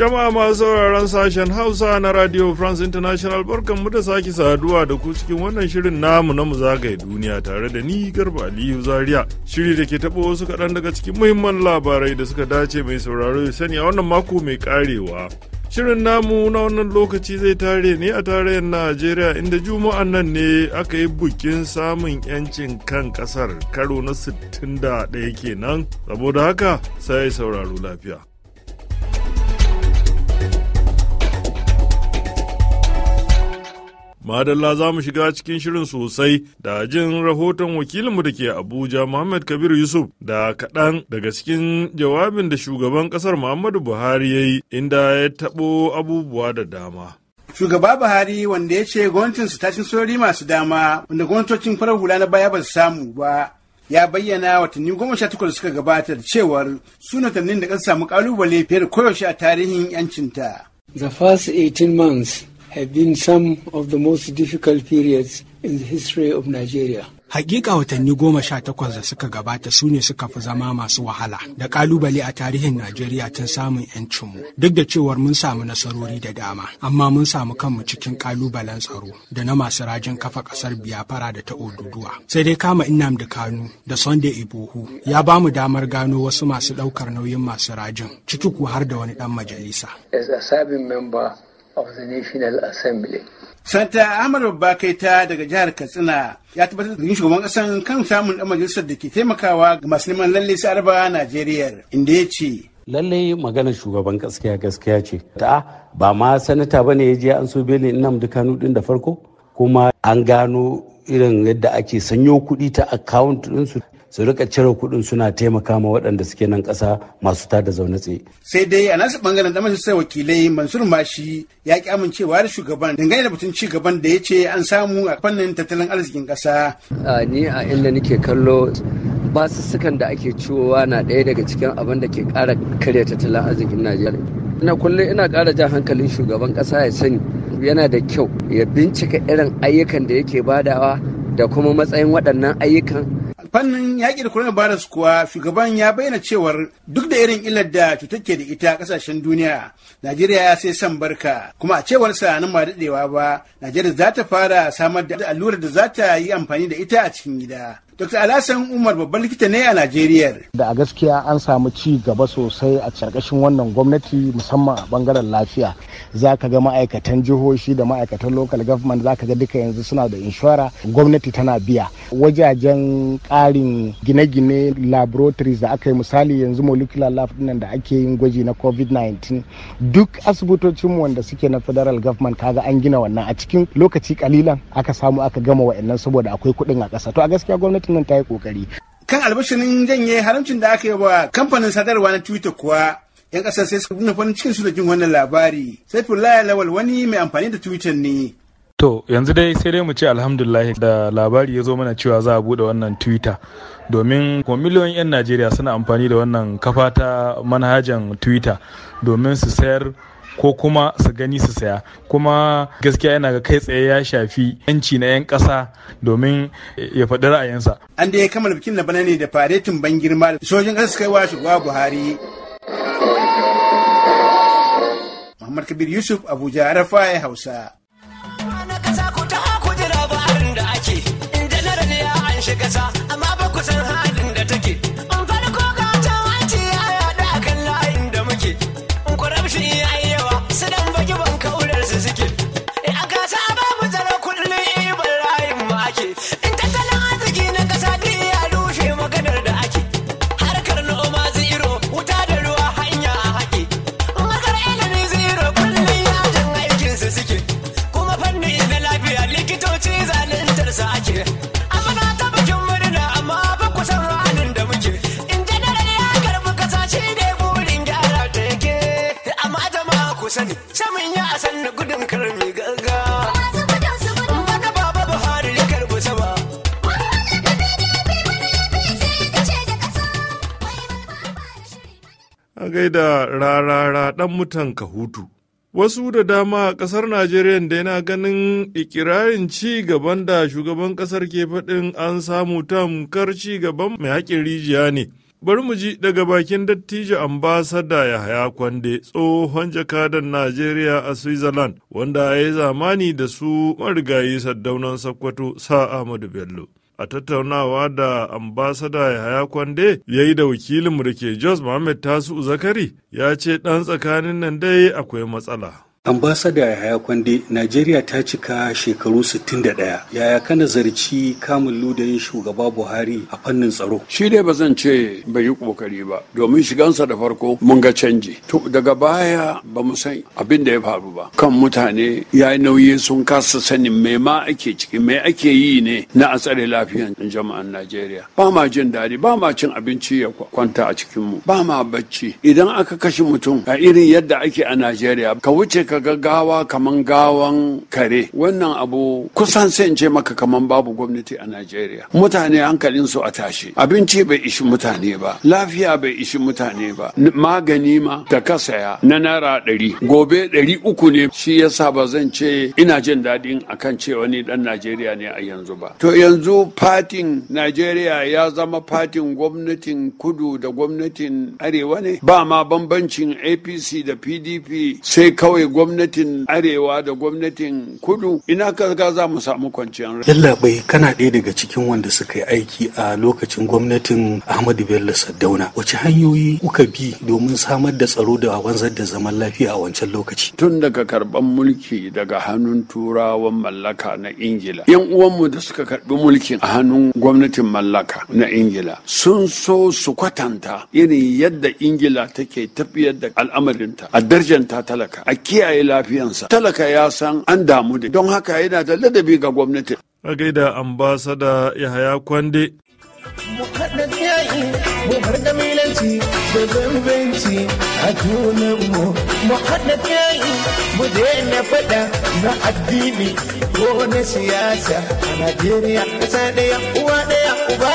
Jama'a masu sauraron sashen Hausa na Radio France International barkanmu da sake saduwa da ku cikin wannan shirin namu na zagaye duniya tare da ni Garba Aliyu Zaria. Shiri da ke taɓa wasu kaɗan daga cikin muhimman labarai da suka dace mai sauraro ya sani a wannan mako mai ƙarewa. Shirin namu na wannan lokaci zai tare ne a tarayyar Najeriya inda juma'an nan ne aka yi bukin samun 'yancin kan ƙasar karo na 61 kenan. Saboda haka sai sauraro lafiya. Madalla za mu shiga cikin shirin sosai da jin rahoton wakilinmu da ke Abuja Muhammad Kabiru Yusuf da kaɗan daga cikin jawabin da shugaban ƙasar Muhammadu Buhari ya yi inda ya taɓo abubuwa da dama. shugaba buhari wanda ya ce gwamnatin ta cin sori masu dama wanda gwamnatocin farar hula na baya ba su samu ba ya bayyana watanni goma sha takwas suka gabata da cewar suna tannin da kan samu kalubale fiye da koyaushe a tarihin yancinta. The first 18 months have been some of the most difficult periods in the history of Nigeria. Hakika watanni goma sha takwas da suka gabata su ne suka fi zama masu wahala da kalubale a tarihin Najeriya tun samun 'yancinmu duk da cewar mun samu nasarori da dama amma mun samu kanmu cikin kalubalen tsaro da na masu rajin kafa kasar biyafara da ta oduduwa sai dai kama da Kanu da Sunday Ibohu ya ba mu damar gano wasu masu ɗaukar nauyin masu rajin ciki har da wani ɗan majalisa. As a serving member of the National Assembly. Santa Amadu Bakaita daga jihar Katsina ya tabbatar da shugaban kasan kan samun dan majalisar da ke taimakawa ga masu neman lalle su arba Najeriya inda yace. ce lalle maganar shugaban gaskiya gaskiya ce ta ba ma sanata bane ya je an so in Nnamdi Kanu din da farko kuma an gano irin yadda ake sanyo kuɗi ta account ɗinsu su rika cire kuɗin suna taimaka ma waɗanda suke nan ƙasa masu ta-da zaune tsaye. sai dai a nasu bangaren da majalisar wakilai mansur mashi ya ki amincewa da shugaban dangane da batun ci gaban da ya ce an samu a fannin tattalin arzikin ƙasa. ni a inda nake kallo sukan da ake ciwowa na ɗaya daga cikin abin da ke ƙara karya tattalin arzikin najeriya ina kullum ina ƙara jan hankalin shugaban ƙasa ya sani yana da kyau ya bincika irin ayyukan da yake badawa da kuma matsayin waɗannan ayyukan fannin yaƙi da coronavirus kuwa shugaban ya bayyana cewar duk da irin illar da cutar ke da ita ƙasashen duniya najeriya ya sai san barka kuma a cewar sa nan ba daɗewa ba najeriya za ta fara samar da allurar da za ta yi amfani da ita a cikin gida Dr. alasan Umar babban likita ne a Najeriya. Da a gaskiya an samu ci gaba sosai a carkashin wannan gwamnati musamman a bangaren lafiya. Za ka ga ma'aikatan jihohi da ma'aikatan local government za ka ga duka yanzu suna da inshora gwamnati tana biya. Wajajen ƙarin gine-gine laboratories da aka yi misali yanzu molecular lab nan da ake yin gwaji na COVID-19 duk asibitocin wanda suke na federal government kaga an gina wannan a cikin lokaci kalilan aka samu aka gama wa'annan saboda akwai kuɗin a ƙasa. To a gaskiya gwamnati nan ta yi kokari kan albashirin janye haramcin da aka yi wa kamfanin sadarwa na twitter kuwa yan kasar sai suka nuna farin cikin su da jin wannan labari sai fulaya lawal wani mai amfani da twitter ne To yanzu dai sai dai mu ce alhamdulillah da labari ya zo mana cewa za a bude wannan Twitter domin ko miliyoyin 'yan Najeriya suna amfani da wannan kafa ta manhajan Twitter domin su sayar ko kuma su gani su saya kuma gaskiya yana ga kai tsaye ya shafi yanci na 'yan ƙasa domin ya faɗi ra'ayinsa an da ya kammala bikin na bana ne da faretin ban girma sojin ƙasa suka yi wa shugaba buhari muhammad kabir yusuf abuja rafa hausa da rarara ɗan mutan kahutu. Wasu da dama a ƙasar Najeriya da yana ganin ikirarin ci gaban da shugaban ƙasar ke faɗin an samu tamkar ci gaban mai haƙin rijiya ne. Bari mu ji daga bakin dattijo ambasada Yahaya Kwande tsohon jakadan Najeriya a Switzerland wanda ya yi zamani da su marigayi saddaunan Sokoto sa Ahmadu Bello. a tattaunawa da ambasada Yahaya Kwande ya yi da wakilinmu da ke Jos Mohammed Tasu Zakari ya ce ɗan tsakanin nan dai akwai matsala. ambasada yahaya kwande najeriya ta cika shekaru 61 yaya ka nazarci kamun ludayin shugaba buhari a fannin tsaro shi dai ba zan ce bai yi kokari ba domin shigansa da farko mun ga canji to daga baya ba mu san abin da ya faru ba kan mutane ya nauyi sun kasa sanin me ma ake ciki me ake yi ne na a tsare lafiyan jama'an najeriya ba ma jin daɗi ba ma cin abinci ya kwanta a cikinmu ba ma bacci idan aka kashe mutum a irin yadda ake a najeriya ka wuce ka ga gawa kaman gawan kare wannan abu kusan sai in ce maka kamar babu gwamnati a Najeriya mutane hankalin su a tashi abinci bai ishi mutane ba lafiya bai ishi mutane ba magani ma ta kasaya na naira ɗari gobe ɗari uku ne shi yasa ba zan ce ina jin daɗin akan cewa ni ɗan Najeriya ne a yanzu ba to yanzu fatin Najeriya ya zama fatin gwamnatin kudu da gwamnatin arewa ne ba ma bambancin APC da PDP sai kawai gwamnatin arewa da gwamnatin kudu ina kaga za mu samu kwanciyar yalla bai kana ɗaya daga cikin wanda suka yi aiki a lokacin gwamnatin ahmadu bello saddauna wace hanyoyi kuka bi domin samar da tsaro da wanzar da zaman lafiya a wancan lokaci tun daga karban mulki daga hannun turawan mallaka na ingila yan uwanmu da suka karɓi mulkin a hannun gwamnatin mallaka na ingila sun so su kwatanta irin yadda ingila take tafiyar da al'amarinta a darjanta talaka a kiyaye kiyaye lafiyansa talaka ya san an damu da don haka yana da ladabi ga gwamnati a gaida ambasada haya kwande da mu na addini ko na siyasa a Najeriya ɗaya uwa uba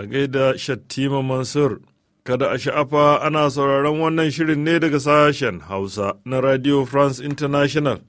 A gaida Shattima Mansur. Kada a sha'afa ana sauraron wannan shirin ne daga sashen Hausa na Radio France International.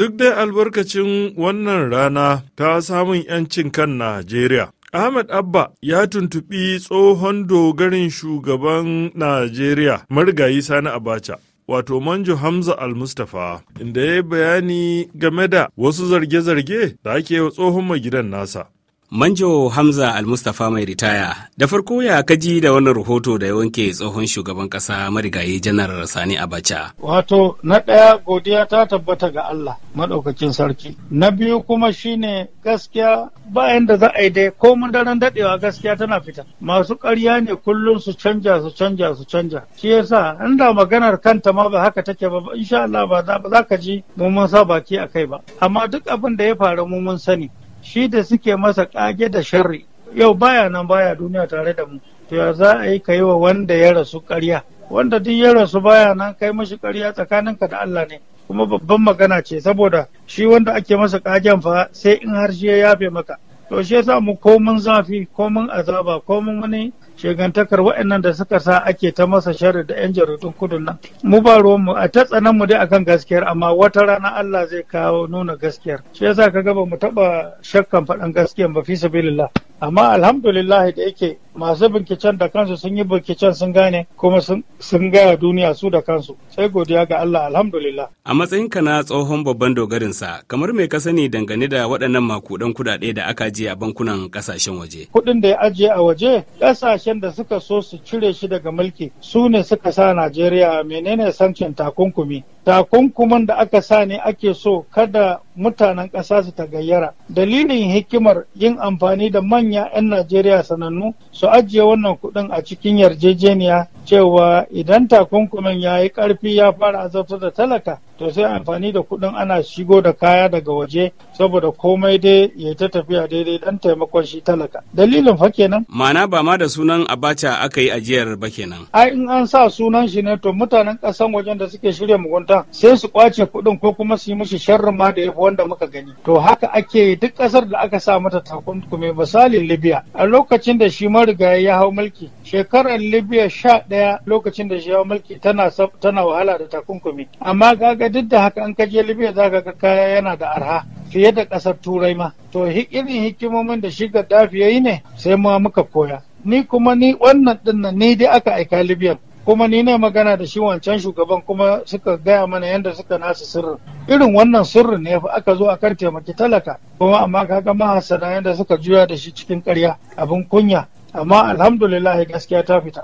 Duk dai albarkacin wannan rana ta samun 'yancin kan Najeriya. Ahmed Abba ya tuntuɓi tsohon dogarin shugaban Najeriya marigayi Sani Abacha. Wato Manjo Hamza Al-Mustapha, inda ya bayani game da wasu zarge-zarge da ake wa tsohon mai gidan nasa. Manjo Hamza Almustapha mai ritaya, da farko ya kaji da wannan rahoto da ya wanke tsohon shugaban ƙasa marigayi janar Sani Abacha. Wato, na ɗaya godiya ta tabbata ga Allah maɗaukakin sarki. Na biyu kuma shine gaskiya bayan da za a yi dai ko mun daren daɗewa gaskiya tana fita. Masu ƙarya ne kullum su canja su canja su canja. Shi yasa da maganar kanta ma ba haka take ba insha Allah ba za ka ji mu sa baki a kai ba. Amma duk abin da ya faru mu mun sani. shi da suke masa ƙage da sharri yau baya nan baya duniya tare da mu to ya za a yi ka yi wa wanda ya rasu karya? wanda duk ya rasu baya nan kai mashi ƙarya tsakaninka da Allah ne kuma babban magana ce saboda shi wanda ake masa ƙagen fa sai in har shi ya yafe maka to shi yasa mu komin zafi komin azaba komin wani shigantakar waɗannan da suka sa ake ta masa sharri da 'yan jaridun kudun nan mu ba ruwan mu a ta tsanan mu dai akan gaskiyar amma wata rana Allah zai kawo nuna gaskiyar shi yasa kaga ba mu taɓa shakkan faɗan gaskiyar ba fi sabilillah amma alhamdulillah da yake masu binkicen da kansu sun yi binkicen sun gane kuma sun gaya duniya su da kansu sai godiya ga Allah alhamdulillah a matsayinka na tsohon babban sa kamar me ka sani dangane da waɗannan makudan kuɗaɗe da aka ji a bankunan kasashen waje kudin da ya ajiye a waje ƙasashen da suka so su cire shi daga mulki su ne suka sa Najeriya menene sancin takunkumi takunkuman da aka sa ne ake so kada mutanen ƙasa su ta gayyara. Dalilin hikimar yin amfani da manya 'yan Najeriya sanannu su ajiye wannan kudin a cikin yarjejeniya cewa idan takunkuman ya yi ƙarfi ya fara azabtar da talaka to sai amfani da kuɗin ana shigo da kaya daga waje saboda komai dai ya ta tafiya daidai dan taimakon shi talaka dalilin fa kenan ma'ana ba ma da sunan abacha aka yi ajiyar ba kenan ai in an sa sunan shi ne to mutanen ƙasan wajen da suke shirya mugunta sai su kwace kuɗin ko kuma su yi mishi sharrin ma da yafi wanda muka gani to haka ake duk kasar da aka sa mata takunkumi misali libya a lokacin da shi marigayi ya hau mulki shekarar libya sha ɗaya lokacin da shi ya hau mulki tana tana wahala da takunkumi amma gaga ga duk da haka an kaje libya za ka ga kaya yana da arha fiye da ƙasar turai ma to irin hikimomin da shi dafiya ne sai ma muka koya ni kuma ni wannan dinnan ni dai aka aika libya kuma ni ne magana da shi wancan shugaban kuma suka gaya mana yadda suka nasu sirrin irin wannan sirrin ne aka zo a kan taimaki talaka kuma amma kaga mahasana yadda suka juya da shi cikin karya abin kunya amma alhamdulillah gaskiya ta fita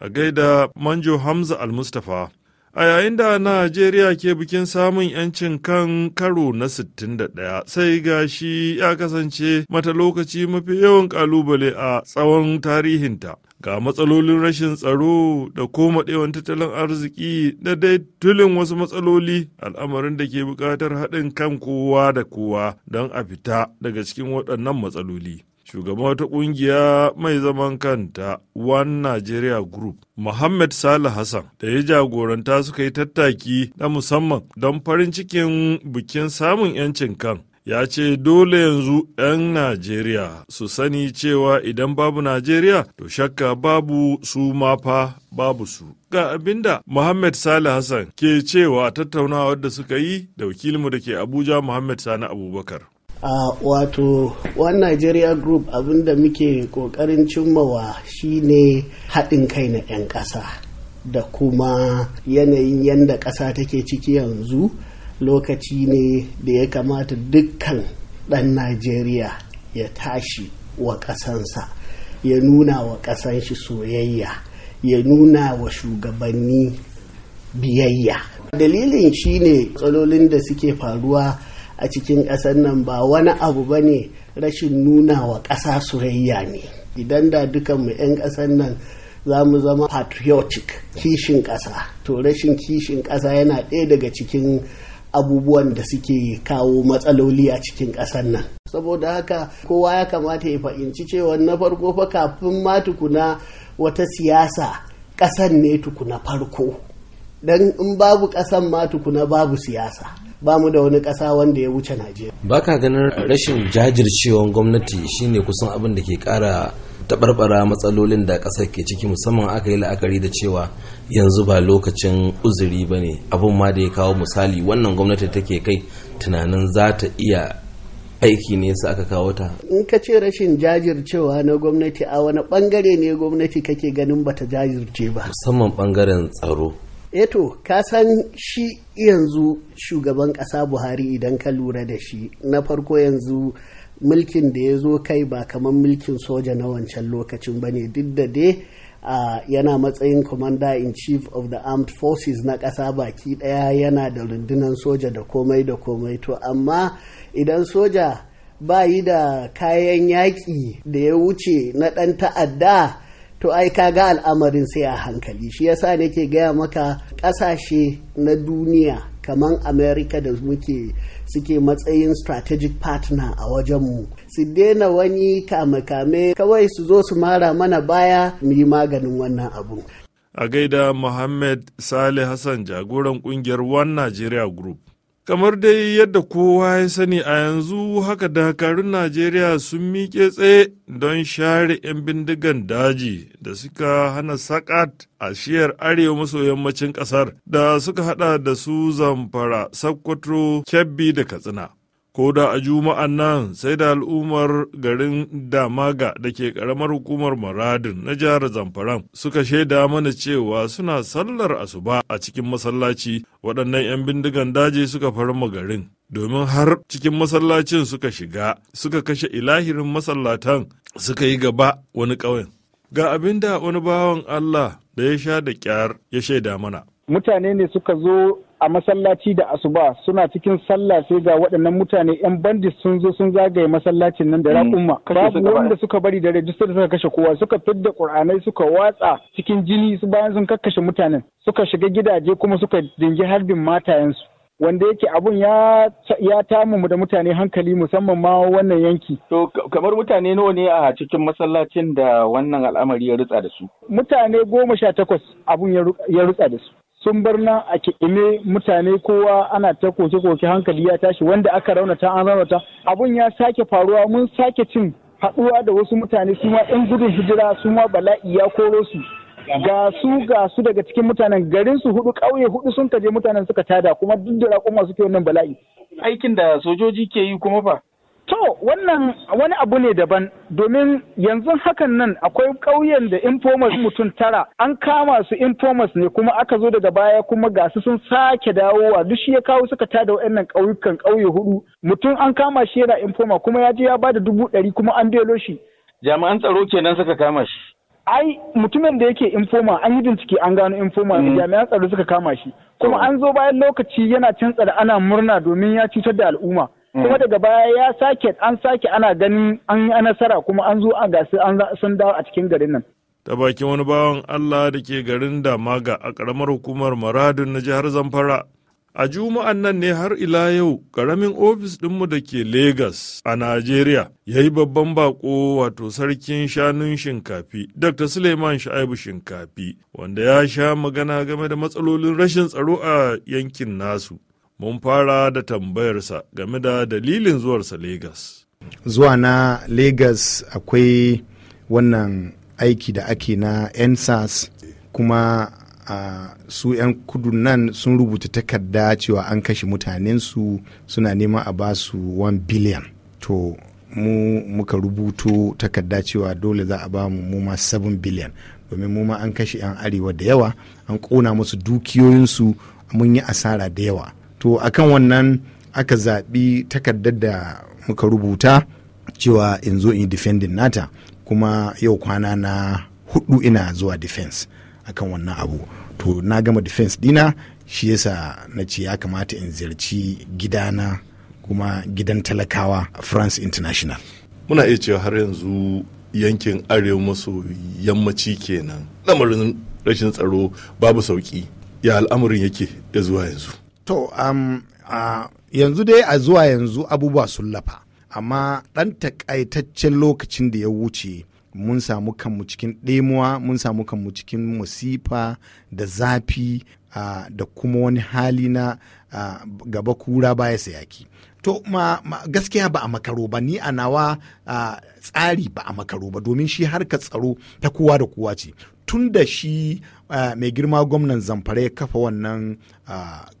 a gaida manjo hamza al-mustapha A yayin da Najeriya ke bikin samun 'yancin kan karo na 61 sai ga shi ya kasance mata lokaci mafi yawan kalubale a tsawon tarihinta. Ga matsalolin rashin tsaro da koma ɗewan tattalin arziki da dai tulin wasu matsaloli al'amarin da ke buƙatar haɗin kan kowa da kowa don a fita daga cikin waɗannan matsaloli. shugaban wata kungiya mai zaman kanta One Nigeria Group, Muhammad Salih Hassan, da ya jagoranta suka yi tattaki na musamman don farin cikin bikin samun 'yancin kan. Ya ce dole yanzu 'yan Najeriya su sani cewa idan babu Najeriya to shakka babu su ma fa babu su. Ga abinda Muhammad Salih Hassan ke cewa tattaunawa da suka yi da wakilinmu da ke Abuja Muhammad Sani Abubakar. Uh, wato one nigeria group abinda muke kokarin cimmawa shine haɗin kai na 'yan ƙasa da kuma yanayin yadda ƙasa take ciki yanzu lokaci ne da ya kamata dukkan ɗan najeriya ya tashi wa ƙasansa ya nuna wa ƙasan shi soyayya ya nuna wa shugabanni biyayya dalilin shine tsalolin da suke faruwa a cikin ƙasar nan ba wani abu ba ne rashin nuna wa ƙasa soyayya ne idan da dukanmu 'yan ƙasar nan za mu zama patriotic kishin ƙasa to rashin kishin ƙasa yana ɗaya daga cikin abubuwan da suke kawo matsaloli a cikin ƙasar nan saboda haka kowa ya kamata ya fahimci cewa na farko fa kafin ma tukuna wata siyasa ƙasan ne tukuna farko don in babu ƙasan ma tukuna babu siyasa ba mu da wani ƙasa wanda ya wuce najeriya ba ka ganin rashin jajircewan gwamnati shine kusan abin da ke ƙara taɓarɓara matsalolin da ƙasar ke ciki musamman aka yi la'akari da cewa yanzu ba lokacin uzuri ba ne abin ma da ya kawo misali wannan gwamnati take kai tunanin za ta iya aiki ne su aka kawo ta in ka ce rashin jajircewa na gwamnati a wani bangare ne gwamnati kake ganin bata jajirce ba musamman bangaren tsaro eto eh ka san shi yanzu shugaban ƙasa buhari idan ka lura da shi na farko yanzu mulkin da ya zo kai ba kamar mulkin soja na wancan lokacin ba ne duk da dai uh, yana matsayin commander in chief of the armed forces na ƙasa baki ɗaya yana da rundunan soja da komai da komai to amma idan soja ba yi da kayan yaƙi da ya wuce na ɗan ta'adda to ai ka ga al'amarin sai a hankali shi yasa nake gaya maka ƙasashe na duniya kamar america da muke suke matsayin strategic partner a wajenmu su daina wani kame-kame kawai su zo su mara mana baya mu yi maganin wannan abun a gaida Mohammed Saleh Hassan jagoran kungiyar One Nigeria Group. kamar dai yadda kowa ya sani a yanzu haka dakarun najeriya sun miƙe tsaye don share 'yan bindigan daji da suka hana sakat a shiyar arewa maso yammacin ƙasar da suka hada da su zamfara sakkwato kebbi da katsina ko da a juma'an nan sai da al'ummar garin damaga da ke karamar hukumar maradin na jihar zamfaran suka shaida mana cewa suna sallar asuba a cikin masallaci waɗannan 'yan bindigan daji suka farma garin domin har cikin masallacin suka shiga suka kashe ilahirin masallatan suka yi gaba wani ƙauyen ga abin da wani bawan allah da ya sha da ƙyar ya shaida mana mutane ne suka zo a masallaci da asuba suna cikin sallah sai ga waɗannan mutane 'yan bandit sun zo sun zagaye masallacin nan da mm, ra'umma. babu wanda suka bari da rajistar suka kashe kowa suka fidda ƙur'anai suka watsa cikin jini su bayan sun kakkashe mutanen suka shiga gidaje kuma suka dingi harbin matayensu wanda yake abun ya ya tamu da mutane hankali musamman ma wannan yanki. To kamar mutane nawa ne a cikin masallacin da wannan al'amari ya rutsa da su? Mutane goma sha takwas abun ya rutsa da su. sun bar nan a kiɗime mutane kowa ana ta koke-koke hankali ya tashi wanda aka raunata an raunata abun ya sake faruwa mun sake cin haɗuwa da wasu mutane su ma ɗan gudun hijira su ma bala'i ya koro su ga su ga su daga cikin mutanen garin su hudu ƙauye hudu sun kaje mutanen suka tada kuma duk da masu suke wannan bala'i aikin da sojoji ke yi kuma fa To wannan wani abu ne daban domin yanzu hakan nan akwai ƙauyen da informers mutum tara an kama su informers ne kuma aka zo daga baya kuma ga su sun sake dawowa duk shi ya kawo suka tada waɗannan ƙauyukan ƙauye hudu mutum an kama shi yana infoma kuma ya je ya ba da dubu ɗari kuma an belo shi. Jami'an tsaro kenan suka kama shi. ai mutumin da yake infoma an yi bincike an gano infoma mm. jami'an tsaro suka kama shi kuma an zo bayan lokaci yana cin tsada ana murna domin ya cutar da al'umma kuma mm. daga baya ya sake an sake ana ganin an yi nasara kuma an zo a gasu an sun dawo a cikin garin nan. Ta bakin wani bawan Allah da ke garin Damaga a ƙaramar hukumar Maradun na jihar Zamfara. A juma'an nan ne har ila yau ƙaramin ofis ɗinmu da ke Legas a Najeriya ya yi babban bako wato sarkin shanun shinkafi, Dr. Suleiman Sha'ibu Shinkafi, wanda ya sha magana game da matsalolin rashin tsaro a yankin nasu. mun fara da tambayarsa game da dalilin zuwarsa Legas. Zuwa na Legas akwai wannan aiki da ake na ensas kuma uh, su 'yan kudu nan sun rubuta takarda cewa an kashe mutanensu suna neman a ba su 1 biliyan. To mu muka rubuto takarda cewa dole za a ba mu muma 7 biliyan domin muma an kashe 'yan arewa da yawa an kona musu dukiyoyinsu mun yi asara da yawa to akan wannan aka zaɓi takardar da muka rubuta cewa in zo in defending nata kuma yau kwana na hudu ina zuwa defense akan wannan abu to na gama defense dina shi yasa na ce ya kamata in ziyarci gidana kuma gidan talakawa france international muna iya cewa har yanzu yankin arewa maso yammaci kenan lamarin rashin tsaro babu sauki ya al'amarin yake ya zuwa yanzu To, um, uh, yanzu dai a zuwa yanzu abubuwa sun lafa, amma ɗan takaitaccen lokacin da ya wuce mun samu kanmu cikin ɗemuwa, mun samu kanmu cikin masifa da zafi uh, da kuma wani hali na uh, gaba kura baya yaki to ma, ma gaskiya ba a makaro ba ni a nawa tsari ba a makaro ba domin shi harkar tsaro ta kowa da kowa ce tun da shi mai girma gwamnan zamfara ya kafa wannan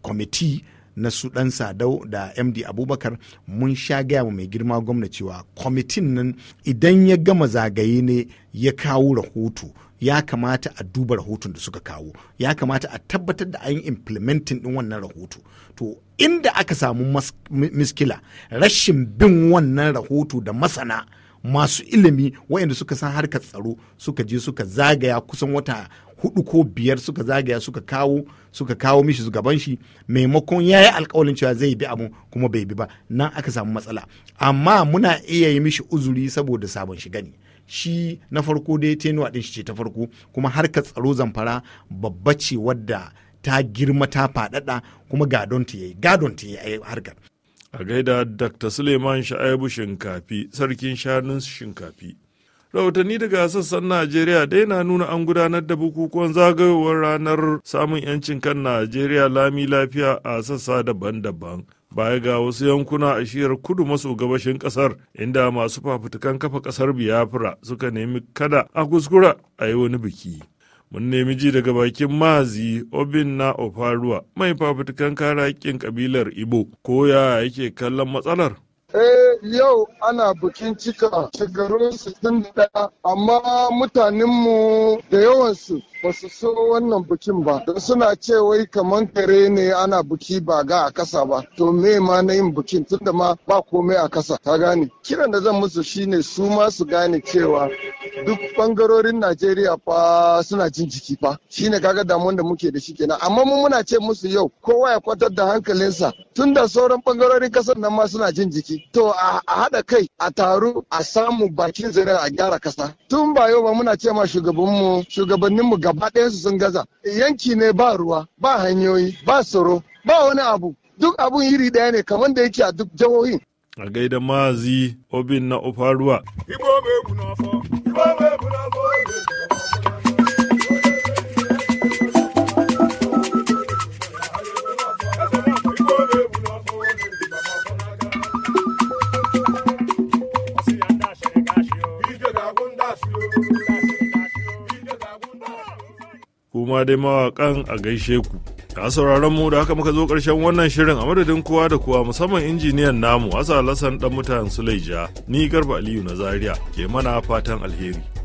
kwamiti na su ɗan sadau da md abubakar mun sha gaya mai girma gwamna cewa kwamitin nan idan ya gama zagaye ne ya kawo rahoto ya kamata a duba rahoton da suka kawo ya kamata a tabbatar da an yi implementin din wannan rahoto to inda aka samu miskila rashin bin wannan rahoto da masana masu ilimi waɗanda suka san harkar tsaro suka je suka zagaya kusan wata hudu ko biyar suka zagaya suka kawo suka kawo mishi gaban shi maimakon ya yi alkawalin cewa zai bi abun kuma bai bi ba nan aka samu matsala amma muna iya yi mishi uzuri saboda sabon shi gani. shi na farko dai tenuwa din shi ce ta farko kuma harkar tsaro zamfara babba ce wadda ta girma ta faɗaɗa kuma gadon ta yi gadon ta yi harkar A gaida Dr. Suleiman Sha'ibu Shinkafi, sarkin shanun Shinkafi. Rahotanni daga sassan Najeriya dai na nuna an gudanar da bukukuwan zagayowar ranar samun 'yancin kan Najeriya lami lafiya a sassa daban-daban. baya ga wasu yankuna a shiyar kudu maso gabashin kasar inda masu fafutukan kafa kasar biafra suka nemi kada a kuskura a yi wani biki mun nemi ji daga bakin mazi obin na ofaruwa mai fafutukan kara haƙƙin kabilar ibo ko ya yake kallon matsalar Eh yau ana bukin cika shekarun 61 amma mutanenmu da yawansu ba su so wannan bukin ba don suna ce wai kamar kare ne ana buki ba ga a kasa ba to me ma na yin bukin tunda ma ba komai a kasa ta gane kiran da zan musu shine su ma su gane cewa duk bangarorin Najeriya fa suna jin jiki fa shine kaga damuwan da muke da shi kenan amma mu muna ce musu yau kowa ya kwatar da hankalinsa tunda sauran bangarorin kasar nan ma suna jin jiki to a haɗa kai a taru a samu bakin zira a gyara kasa tun ba yau ba muna ce ma shugabanmu shugabanninmu gaba ɗayansu sun gaza yanki ne ba ruwa ba hanyoyi ba tsaro ba wani abu duk abun iri ɗaya ne kamar da yake a duk jihohin a gaida mazi obin na ofaruwa Kuma dai mawaƙan a gaishe ku. Masu sauraron mu da haka muka zo ƙarshen wannan shirin a madadin kowa da kowa musamman injiniyan namu a Lassan dan mutan sulaija ni Garba Aliyu na Zaria ke mana fatan alheri.